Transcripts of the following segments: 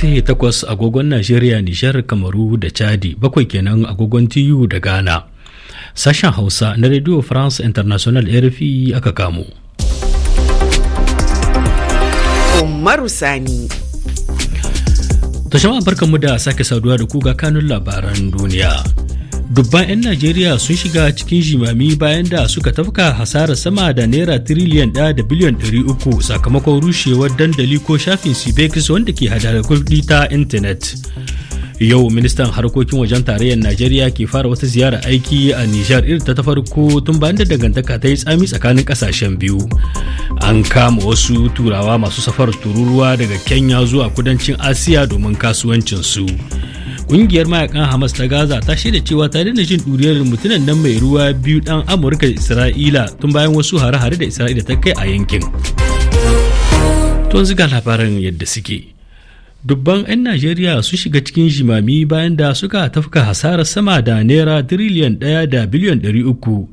karfe 8 agogon Najeriya, Nijar, Kamaru da Chadi, bakwai kenan agogon TU da Ghana. Sashen Hausa na Radio France International RFI aka kamo. Umaru Sani. To jama'a barkanmu da sake saduwa da ku kanun labaran duniya. dubban 'yan najeriya sun shiga cikin jimami bayan da suka tafka hasarar sama da naira tiriliyan ɗaya da biliyan ɗari uku sakamakon rushewar dandali ko shafin sibegis wanda ke hadarar kuɗi ta intanet yau ministan harkokin wajen tarayyar najeriya ke fara wata ziyara aiki a nijar irin ta farko tun bayan da dangantaka ta yi tsami tsakanin kasashen biyu an kama wasu turawa masu safar tururuwa daga kenya zuwa kudancin asiya domin kasuwancinsu su Ƙungiyar mayakan Hamas ta Gaza ta shaida cewa ta daina jin ɗuriyar mutunan nan mai ruwa biyu ɗan Amurka da Isra'ila tun bayan wasu hare-hare da Isra'ila ta kai a yankin. Tun ziga labaran yadda suke. Dubban 'yan Najeriya su shiga cikin jimami bayan da suka tafka hasarar sama da naira tiriliyan ɗaya da biliyan ɗari uku.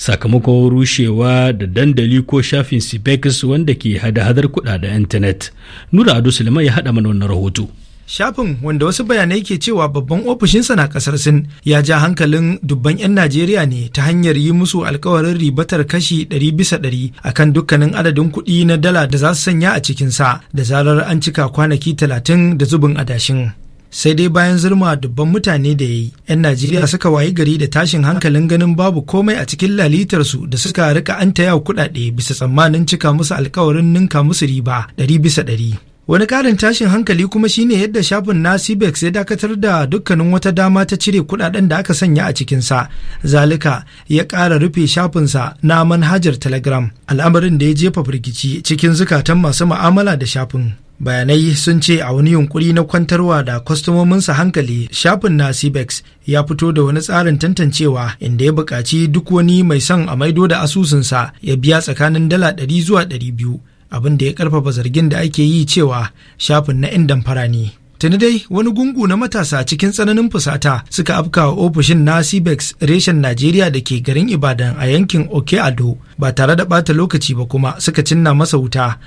sakamakon rushewa da dandali ko shafin sipex wanda ke hada-hadar kuɗa da intanet nura ado suleiman ya haɗa mana wannan rahoto Shafin wanda wasu bayanai ke cewa babban ofishinsa na kasar Sin ya ja hankalin dubban 'yan Najeriya ne ta hanyar yi musu alkawarin ribatar kashi 100 a kan dukkanin adadin kuɗi na dala da za su sanya a cikinsa da zarar an cika kwanaki 30 da zubin adashin. sai dai bayan zurma dubban mutane da ya yi 'yan najeriya suka wayi gari da tashin hankalin ganin babu komai a cikin lalitarsu da suka rika an ta yau kuɗaɗe bisa tsammanin cika musu alkawarin ninka musu riba ɗari Wani ƙarin tashin hankali kuma shine yadda shafin na CBEX ya dakatar da dukkanin wata dama ta cire kudaden da aka sanya a cikinsa. Zalika ya ƙara rufe shafinsa na manhajar Telegram, al'amarin da ya jefa firgici cikin zukatan masu ma'amala da shafin. Bayanai sun ce a wani yunkuri na kwantarwa da kwastomominsa hankali shafin na CBEX ya fito da wani tsarin tantancewa inda ya buƙaci duk wani mai son a maido da asusunsa ya biya tsakanin dala 100 zuwa 200. abin da ya karfafa zargin da ake yi cewa shafin na 'yan damfara ne. Tuni dai wani gungu na matasa cikin tsananin fusata suka afka wa ofishin na Cibex reshen Najeriya da ke garin Ibadan a yankin Oke Ado ba tare da bata lokaci ba kuma suka cinna masa wuta.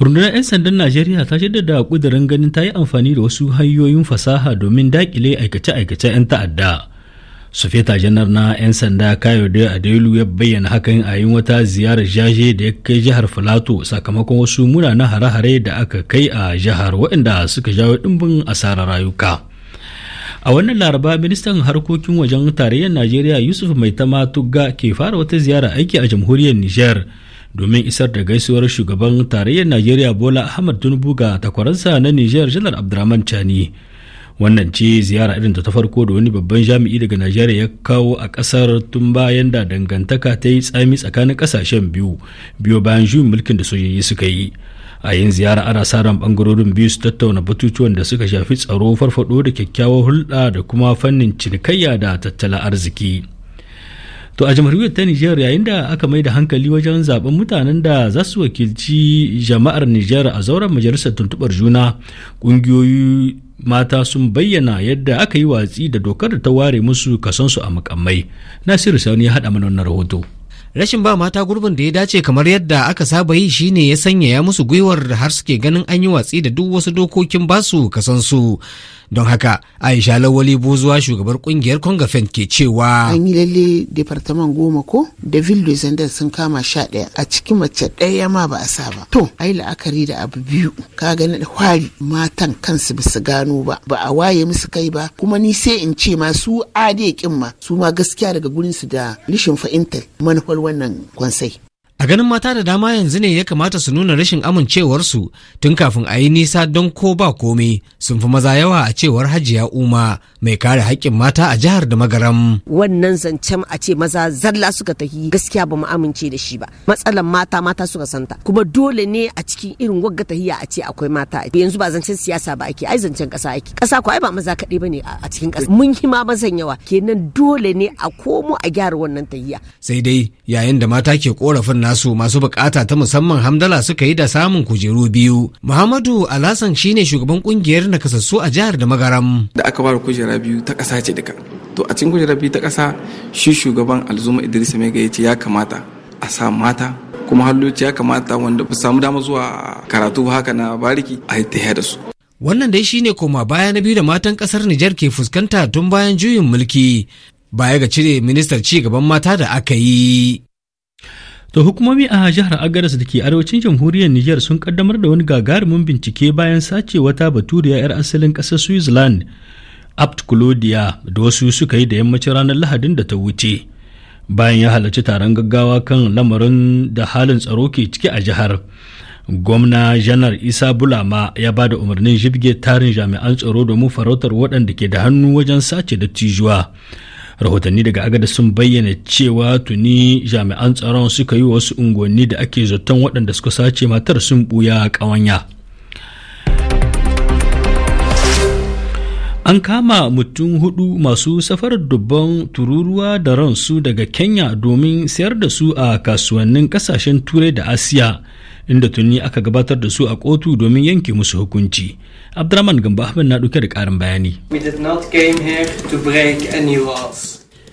Rundunar 'yan sandan Najeriya ta da ƙudurin ganin ta yi amfani da wasu hanyoyin fasaha domin daƙile aikace-aikace 'yan ta'adda. sufeta janar na 'yan sanda kayode adelu ya bayyana hakan a yin wata ziyarar jaje da ya kai jihar filato sakamakon wasu munanan hare-hare da aka kai a jihar waɗanda suka jawo ɗimbin asarar rayuka a wannan laraba ministan harkokin wajen tarayyar najeriya yusuf maitama tugga ke fara wata ziyara aiki a jamhuriyar Nijar, domin isar da gaisuwar shugaban tarayyar najeriya bola ahmad tinubu ga takwaransa na Nijar janar abdurrahman chani wannan ce ziyara irin ta farko da wani babban jami'i daga najeriya ya kawo a kasar tun bayan da dangantaka ta yi tsami tsakanin kasashen biyu biyo bayan juyin mulkin da sojoji suka yi a yin ziyara ana sa ran bangarorin biyu su tattauna batutuwan da suka shafi tsaro farfado da kyakkyawar hulɗa da kuma fannin cinikayya da tattalin arziki to a jamhuriyar ta nijar yayin da aka mai da hankali wajen zaben mutanen da za su wakilci jama'ar nijar a zauren majalisar tuntubar juna ƙungiyoyi mata sun bayyana yadda aka yi watsi da dokar da ta ware musu kasansu a mukammai nasiru sani ya haɗa mana wannan rahoto rashin ba mata gurbin da ya dace kamar yadda aka saba yi shine ya sanyaya musu gwiwar har suke ganin an yi watsi da duk wasu dokokin basu kasansu don haka aisha lawali buzuwa shugabar kungiyar kongafen ke cewa an yi lalle departaman goma ko da vildo sun kama sha ɗaya a cikin mace ɗaya ma ba a sa ba to ai la'akari da abu biyu ka gani da kwari matan kansu ba su gano ba ba a waye musu kai ba kuma ni sai in ce ma su ade kin ma su ma gaskiya daga gurin su da rishin fahimtar manufar wannan kwansai a ganin mata da dama yanzu ne ya kamata su nuna rashin amincewarsu tun kafin a yi nisa don ko ba komai sun fi maza yawa a cewar hajiya uma mai kare haƙƙin mata a jihar da magaram wannan zancen a ce maza zalla suka tafi gaskiya ba mu amince da shi ba matsalan mata mata suka santa kuma dole ne a cikin irin wagga tahiya a ce akwai mata yanzu ba zancen siyasa ba ake ai zancen ƙasa ake ƙasa ko ai ba maza kaɗai ba ne a cikin ƙasa mun yi ma mazan yawa kenan dole ne a komo a gyara wannan tahiya sai dai yayin da mata ke korafin na nasu masu bukata ta musamman hamdala suka yi da samun kujeru biyu muhammadu alhassan shine shugaban kungiyar nakasassu a jihar da magaram da aka ware kujera biyu ta kasa ce duka to a cikin kujera biyu ta kasa shi shugaban alzuma idris mega ya ce ya kamata a sa mata kuma halloci ya kamata wanda ba samu dama zuwa karatu haka na bariki a yi da su wannan dai shine koma baya na biyu da matan kasar Nijar ke fuskanta tun bayan juyin mulki baya ga cire ministar ci gaban mata da aka yi. To hukumomi a jihar agaras da ke arewacin jamhuriyar Nijar sun kaddamar da wani gagarumin bincike bayan sace wata baturiya 'yar asalin ƙasar Switzerland Apt Claudia da wasu suka yi da yammacin ranar Lahadin da ta wuce. Bayan ya halarci taron gaggawa kan lamarin da halin tsaro ke ciki a jihar. Gwamna Janar Isa Bulama ya ba da umarnin jibge tarin jami'an tsaro domin farautar waɗanda ke da hannu wajen sace da tijuwa. rahotanni daga agada sun bayyana cewa tuni jami'an tsaron suka yi wasu unguwanni da ake zaton waɗanda suka sace matar sun buya ƙawanya an kama mutum hudu masu safarar dubban tururuwa da ransu daga kenya domin sayar da su a kasuwannin kasashen turai da asiya inda tuni aka gabatar da su a kotu domin yanke musu hukunci abdurrahman gamba ahmed na ɗauke da ƙarin bayani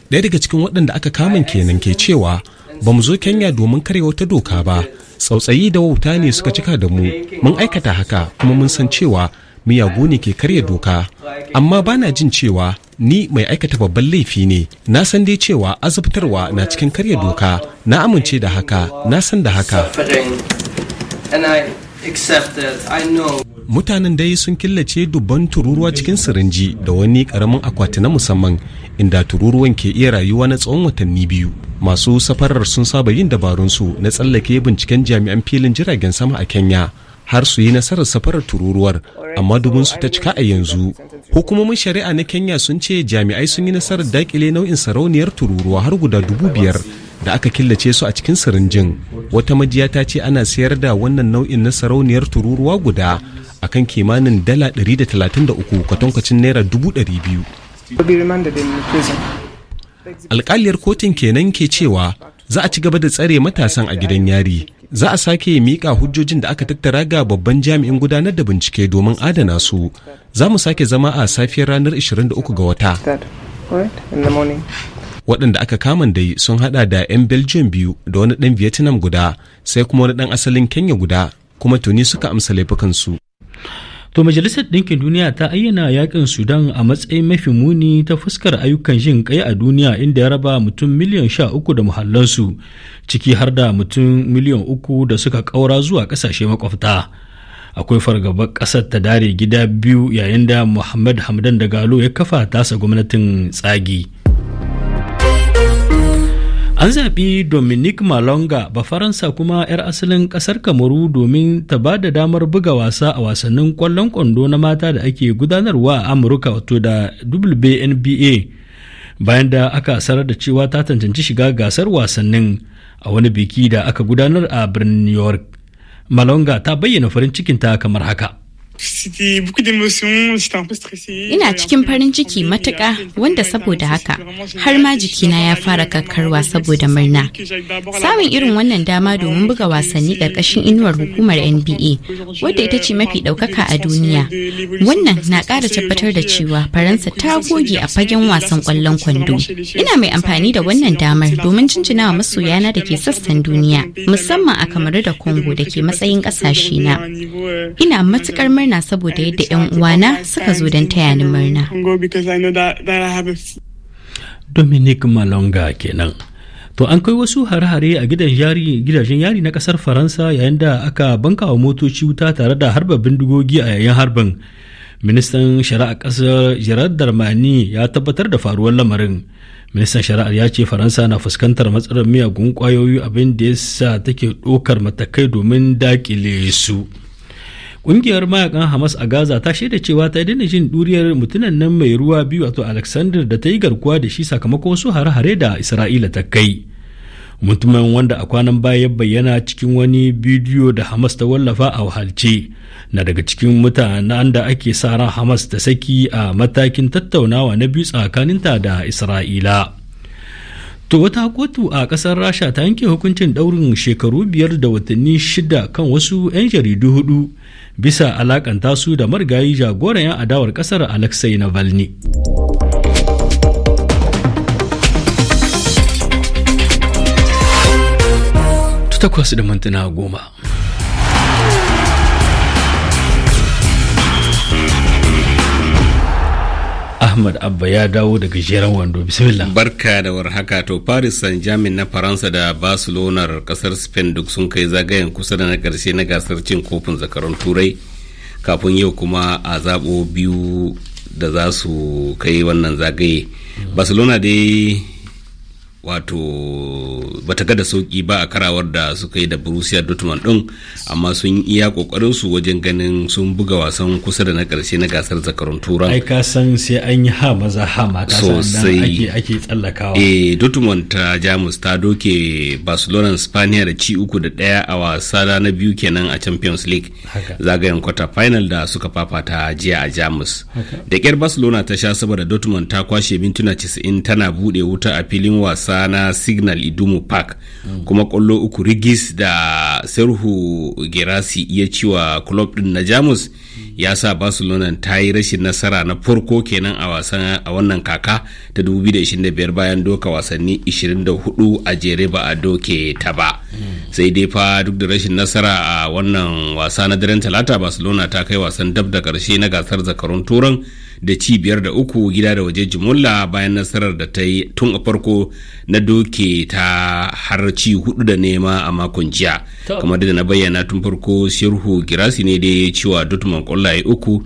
daya daga cikin waɗanda aka kamun kenan ke cewa ba mu zo kenya domin karya wata doka ba tsautsayi da wauta ne suka cika da mu mun aikata haka kuma mun san cewa miyagu ne ke karya doka amma ba na jin cewa ni mai aikata babban laifi ne na san dai cewa azabtarwa na cikin karya doka na amince da haka na san da haka mutanen dai sun killace dubban tururuwa cikin sirinji da wani karamin akwati na musamman inda tururuwan ke iya rayuwa na tsawon watanni biyu masu safarar sun saba yin dabarunsu na tsallake binciken jami'an filin jiragen sama a kenya har su yi nasarar safarar tururuwar amma su ta cika a yanzu hukumomin shari'a na kenya sun ce jami'ai sun yi nasarar dakile nau'in sarauniyar tururuwa har guda dubu biyar da aka killace su a cikin sirinjin wata majiya ta ce ana sayar da wannan nau'in na sarauniyar tururuwa guda a kan kimanin dala 133 kwatankwacin naira 200 alkaliyar kotun kenan ke cewa za a ci gaba da tsare matasan a gidan yari za a sake miƙa hujjojin da aka tattara ga babban jami'in gudanar da bincike domin adana su za mu sake zama a safiyar ranar 23 ga wata waɗanda aka kaman dai sun hada da 'yan belgium biyu da wani ɗan vietnam guda sai kuma wani ɗan asalin kenya guda kuma tuni suka amsa laifukansu To Majalisar Ɗinkin Duniya ta ayyana yakin Sudan a matsayin mafi muni ta fuskar ayyukan jin kai a duniya inda ya raba mutum miliyan sha uku da muhallansu ciki har da mutum miliyan uku da suka ƙaura zuwa ƙasashe makwabta. Akwai fargabar ƙasar ta dare gida biyu yayin da Muhammad Hamdan da Galo ya kafa tasa gwamnatin tsagi. An zaɓi Dominic Malonga ba Faransa kuma 'yar asalin ƙasar Kamaru domin ta ba da damar buga wasa a wasannin ƙwallon kwando na mata da ake gudanarwa a Amurka wato da WNBA bayan da aka sarar da cewa ta tantance shiga gasar wasannin a wani biki da aka gudanar a birnin New York. Malonga ta bayyana farin cikinta kamar haka. Ina cikin farin ciki matuƙa wanda saboda haka har ma jikina ya fara kakkarwa saboda murna. Samun irin wannan dama domin buga wasanni ƙarƙashin inuwar hukumar NBA wadda ita ce mafi euh, ɗaukaka a duniya. Wannan na ƙara tabbatar da euh, cewa Faransa ta goge a fagen wasan ƙwallon kwando. Ina mai amfani da wannan damar domin jinjina wa masoyana da ke sassan duniya musamman a Kamaru da Congo da ke matsayin ƙasashe na. Ina matuƙar murna murna saboda yadda 'yan uwana suka zo don taya ni murna. Dominic Malonga kenan. To an kai wasu hare-hare a gidajen yari na kasar Faransa yayin da aka bankawa motoci wuta tare da harba bindigogi a yayin harbin. Ministan shari'a kasar Gerard Darmani ya tabbatar da faruwar lamarin. Ministan shari'ar ya ce Faransa na fuskantar matsalar miyagun kwayoyi abin da ya sa take ɗaukar matakai domin dakile su. Ƙungiyar mayakan Hamas a Gaza ta shaida cewa ta daina jin duriyar mutunan nan mai ruwa biyu wato Alexander da ta yi garkuwa da shi sakamakon su hare-hare da Isra'ila ta kai. Mutumin wanda a kwanan baya ya bayyana cikin wani bidiyo da Hamas ta wallafa a wahalce na daga cikin mutanen da ake sa ran Hamas ta saki a matakin tattaunawa na biyu tsakaninta da Isra'ila. To wata kotu a ƙasar Rasha ta yanke hukuncin daurin shekaru biyar da watanni shida kan wasu 'yan jaridu hudu bisa alakanta su da marigayi jagoran 'yan adawar kasar alexei navalny takwas da mantuna goma Ahmad Abba ya dawo daga gajeren wando bismillah. Barka da warhaka to Paris Saint-Germain na Faransa da Barcelona kasar Spain duk sun kai zagayen kusa da na karshe na gasar cin kofin zakarun Turai kafin yau kuma a zabo biyu da za su kai wannan zagaye. Barcelona dai wato bata ga da sauki ba a karawar da suka yi da Borussia Dortmund din amma sun iya kokarin su wajen ganin sun buga wasan kusa da na karshe na gasar zakarun turan ai ka san sai an yi ha maza ha mata sosai ake tsallakawa eh Dortmund ta Jamus ta doke Barcelona Spaniya da ci uku da daya a wasa na biyu kenan a Champions League zagayen quarter final da suka fafata jiya a Jamus da kyar Barcelona ta sha saboda Dortmund ta kwashe mintuna 90 tana bude wuta a filin wasa wasa na signal idumu park mm. kuma kwallo uku rigis da serhu gerasi ya ciwa club din na jamus mm. ya sa barcelona ta yi rashin nasara na farko kenan a wasan a wannan kaka ta 2025 bayan doka wasanni 24 a jere ba a doke ta ba sai dai fa duk da rashin nasara a wannan wasa na daren talata barcelona ta kai wasan dab da karshe na gasar zakarun turan da ci biyar da uku gida da waje jimulla bayan nasarar da ta yi tun a farko na doke ta har ci hudu da nema a makon jiya kamar da na bayyana tun farko sirhu girasi ne da ya wa dutman kwallaye uku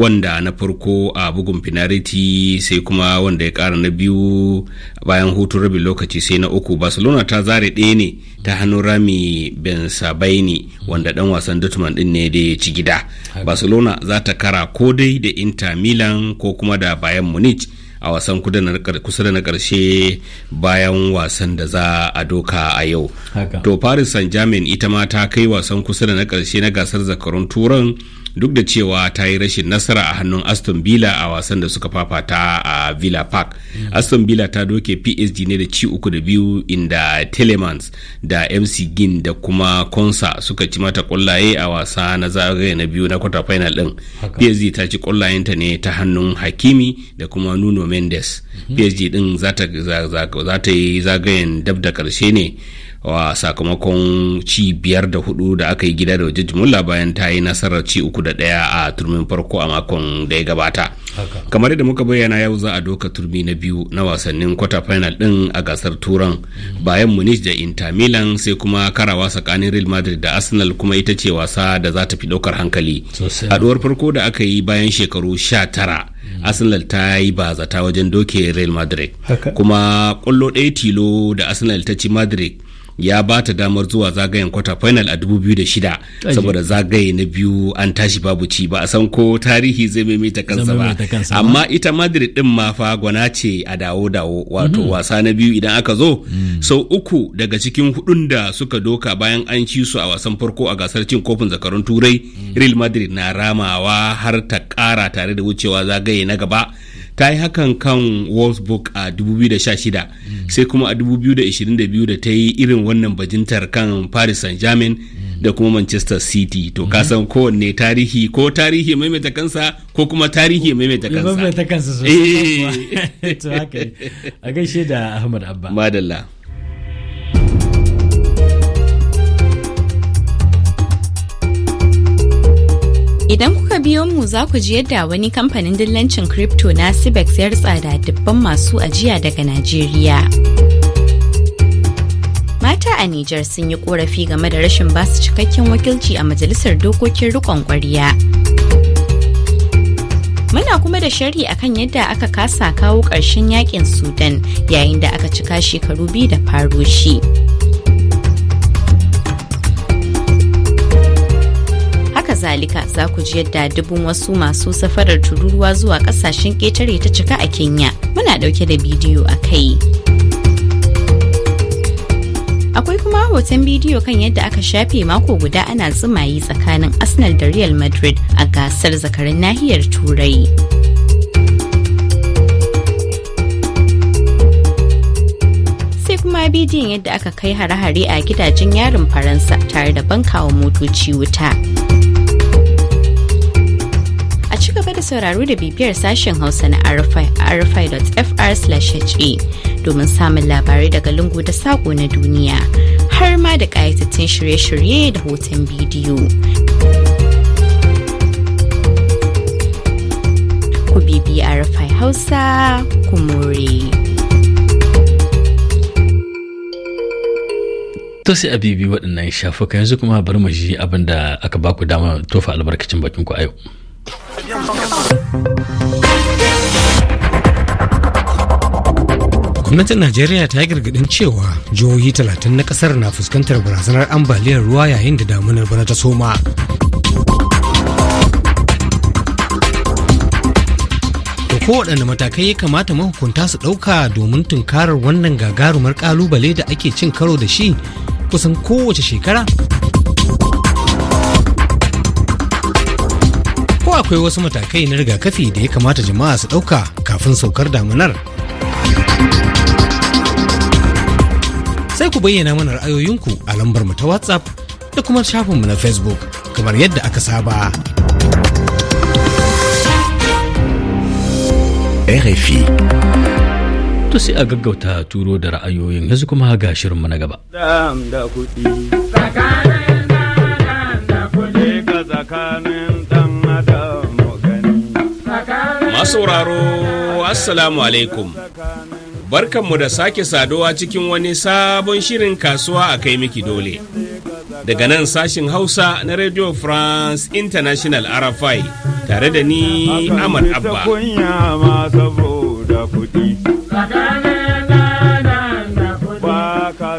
wanda na farko a bugun finariti sai kuma wanda ya kara na biyu bayan hutun rabin lokaci sai na uku barcelona ta zare ɗaya ne ta hannun rami ben sabaini wanda dan wasan dutman din ne da ya ci gida barcelona za ta kara ko dai da inter milan ko kuma da bayan munich a wasan kusa da na karshe bayan wasan da za a doka a yau to paris saint germain ita ma ta kai wasan kusa da na karshe na gasar zakarun turan duk da cewa ta yi rashin nasara a hannun aston villa a wasan da suka fafata a villa park mm. aston villa ta doke psg ne da ci uku da biyu inda telemans da mc gin da kuma konsa suka ci mata kwallaye a wasa na zagaye na biyu na kwata final din psg ta ci kwallayenta ne ta hannun hakimi da kuma nuno mendes mm-hmm. psg din za ta yi zagayen dab da karshe ne wa sakamakon ci biyar da hudu da aka yi gida da waje jimilla bayan ta yi nasarar ci uku da daya a turmin farko a makon da ya gabata kamar yadda muka bayyana yau za a doka turmi na biyu na wasannin kwata final din a gasar turan bayan munich da inter milan sai kuma karawa tsakanin real madrid da arsenal kuma ita ce wasa da za ta fi daukar hankali haduwar farko da aka yi bayan shekaru sha tara mm. arsenal ta yi ba zata wajen doke real madrid kuma kwallo ɗaya tilo da arsenal ta ci madrid ya ba ta damar zuwa zagayen kwata final a 2006 saboda zagaye na biyu an tashi babu ci ba a san ko tarihi zai maimaita kansa ba amma ita madrid din ma fa gwana ce a dawo dawo wato mm-hmm. wasa na biyu idan aka zo mm. sau uku daga cikin hudun da suka doka bayan an ci su a wasan farko a gasar cin kofin zakarun turai mm. real madrid na ramawa har ta kara tare da wucewa zagaye na gaba ka yi hakan kan wolfsburg a 2016 sai kuma a 2022 da ta yi irin wannan bajintar kan paris saint-germain da kuma manchester city to ka san kowanne tarihi ko tarihi maimaita kansa ko kuma tarihi maimaita kansa maimaita kansa sosai eh. a gaishe da ahmad abba madalla Idan kuka biyo mu za ku ji yadda wani kamfanin dillancin crypto na Sibex ya tsada dubban masu ajiya daga Najeriya. Mata a Nijar sun yi korafi game da rashin basu cikakken wakilci a Majalisar Dokokin Rikon Ƙwarya. Muna kuma da sharhi akan yadda aka kasa kawo ƙarshen yakin Sudan yayin da aka cika shekaru biyu da faro shi. haka zalika za ku ji yadda dubun wasu masu safarar tururuwa zuwa kasashen ƙetare ta cika a kenya muna ɗauke da bidiyo a kai akwai kuma hoton bidiyo kan yadda aka shafe mako guda ana tsumayi tsakanin arsenal da real madrid a gasar zakarin nahiyar turai sai kuma bidiyon yadda aka kai hare-hare a gidajen yarin faransa tare da bankawa motoci wuta. sake sauraro da bibiyar sashen Hausa na rfi.fr/ha domin samun labarai daga lungu da sako na duniya har ma da ƙayatattun shirye-shirye da hoton bidiyo. Ku bibi RFI Hausa, ku more. to sai a bibi waɗannan shafuka yanzu kuma bar mu ji abin da aka baku dama tofa albarkacin bakin ku a yau. gwamnatin najeriya ta yi gargadin cewa jihohi talatin na kasar na fuskantar barazanar ambaliyar ruwa yayin da damunar bana ta soma da kowaɗanne matakai ya kamata mahukunta su ɗauka domin tunkarar wannan gagarumar ƙalubale da ake cin karo da shi kusan kowace shekara akwai wasu matakai na rigakafi da ya kamata jama'a su ɗauka kafin saukar damunar. Sai ku bayyana mana ra'ayoyinku a lambar mu ta WhatsApp da kuma shafinmu na Facebook kamar yadda aka saba. RFI To sai a gaggauta turo da ra'ayoyin yanzu kuma ga shirinmu na gaba. Da kuɗi. Tsakanin da kuɗi. Tsakanin masauraro assalamu alaikum barkanmu da sake saduwa cikin wani sabon shirin kasuwa a kai miki dole daga nan sashin hausa na radio france international rfi tare da ni ahmad abba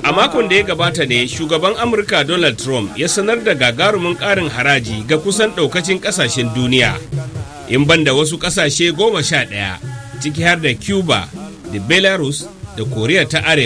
a makon da ya gabata ne shugaban amurka donald trump ya sanar da gagarumin ƙarin haraji ga kusan ɗaukacin ƙasashen duniya in banda wasu ƙasashe goma sha ɗaya ciki har da cuba da belarus da koriya ta arewa